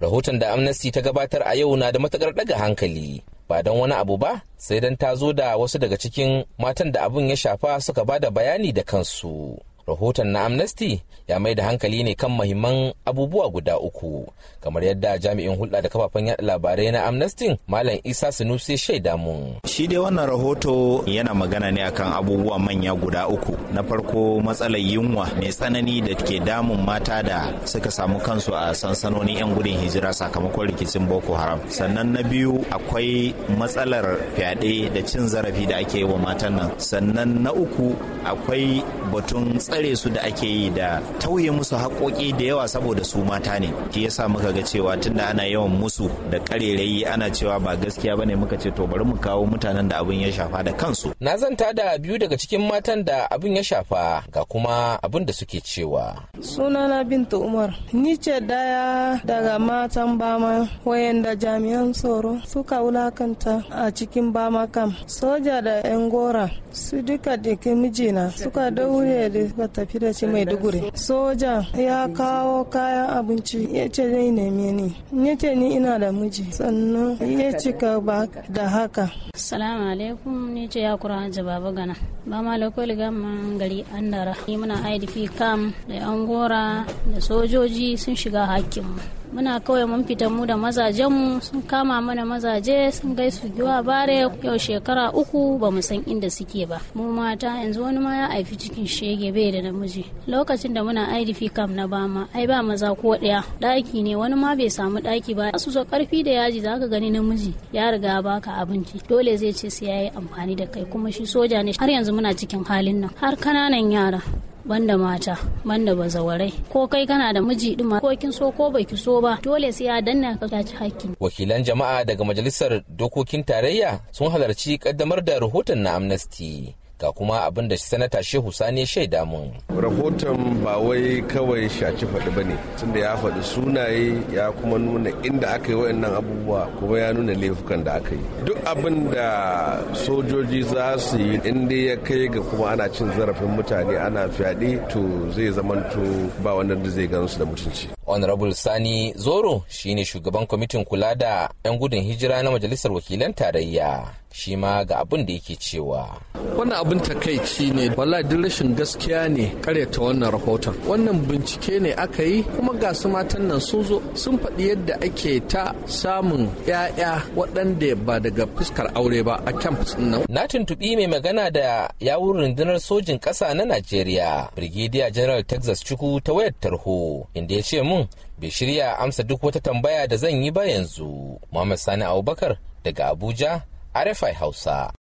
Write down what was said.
rahoton da amnesty ta gabatar a yau na da matakar daga hankali ba don wani abu ba sai don ta zo da wasu daga cikin matan da abin ya shafa suka ba da bayani da kansu rahoton na amnesty ya mai da hankali ne kan mahimman abubuwa guda uku kamar yadda jami'in hulɗa da kafafen yada labarai na amnesty malam isa sanusi shaida mu. shi dai wannan rahoto yana magana ne akan abubuwa manya guda uku na farko matsalar yunwa mai tsanani da ke damun mata da suka samu kansu a sansanoni yan gudun hijira sakamakon rikicin boko haram sannan na biyu akwai matsalar fyaɗe da cin zarafi da ake yi wa matan nan sannan na uku akwai batun tsaye tsare su da ake yi da tauye musu haƙoƙi da yawa saboda su mata ne shi yasa muka ga cewa tunda ana yawan musu da ƙarerayi ana cewa ba gaskiya bane muka ce to bari mu kawo mutanen da abin ya shafa da kansu na zanta da biyu daga cikin matan da abin ya shafa ga kuma abin da suke cewa sunana binta umar ni ce daya daga matan bama wayanda jami'an tsoro suka wulakanta a cikin bama kam soja da yan gora su duka da mijina suka daure da muka tafi da shi maiduguri soja ya kawo kayan abinci ya ce zai neme ni ya ce ni ina da miji sannan ya cika ba da haka salamu alaikum ni ce ya kura hajji baba gana ba ma lokoli gaman gari dara. ni muna idp kam da yan da sojoji sun shiga hakkinmu muna kawai mun fita mu da mazajenmu sun kama mana mazaje sun gaisu giwa bare yau shekara uku ba mu san inda suke ba mu mata yanzu wani ma ya haifi cikin shege bai da namiji lokacin da muna idp kam na bama ai ba maza ko daya daki ne wani ma bai samu daki ba su so karfi da yaji zaka gani namiji ya riga baka abinci dole zai ce sai yayi amfani da kai kuma shi soja ne har yanzu muna cikin halin nan har kananan yara banda mata banda bazawarai ko kai kana da miji ɗin ko kin so ko bai ki so ba dole sai ya danna ka ci hakki wakilan jama'a daga majalisar dokokin tarayya sun halarci kaddamar da rahoton na amnesty ga kuma abin da sanata shehu sani shaida mun rahoton ba wai kawai shaci faɗi ba ne tunda ya faɗi sunaye ya kuma nuna inda aka yi waɗannan abubuwa kuma ya nuna laifukan da aka yi duk abin da sojoji za su yi in dai ya kai ga kuma ana cin zarafin mutane ana fyaɗe to zai zamanto ba wanda zai gansu da mutunci honorable sani zoro shine shugaban kwamitin kula da 'yan gudun hijira na majalisar wakilan tarayya shi ma ga abin da yake cewa wannan abin takaici ne wallahi duk rashin gaskiya ne karyata wannan rahoton wannan bincike ne aka yi kuma ga su matan nan sun zo sun faɗi yadda ake ta samun 'ya'ya waɗanda ba daga fuskar aure ba a campus nan na tuntubi mai magana da yawun rundunar sojin ƙasa na najeriya brigadier general texas chuku ta wayar tarho inda ya ce mun domin bai shirya amsa duk wata tambaya da zan yi ba yanzu. Muhammad Sani Abubakar daga Abuja, RFI Hausa.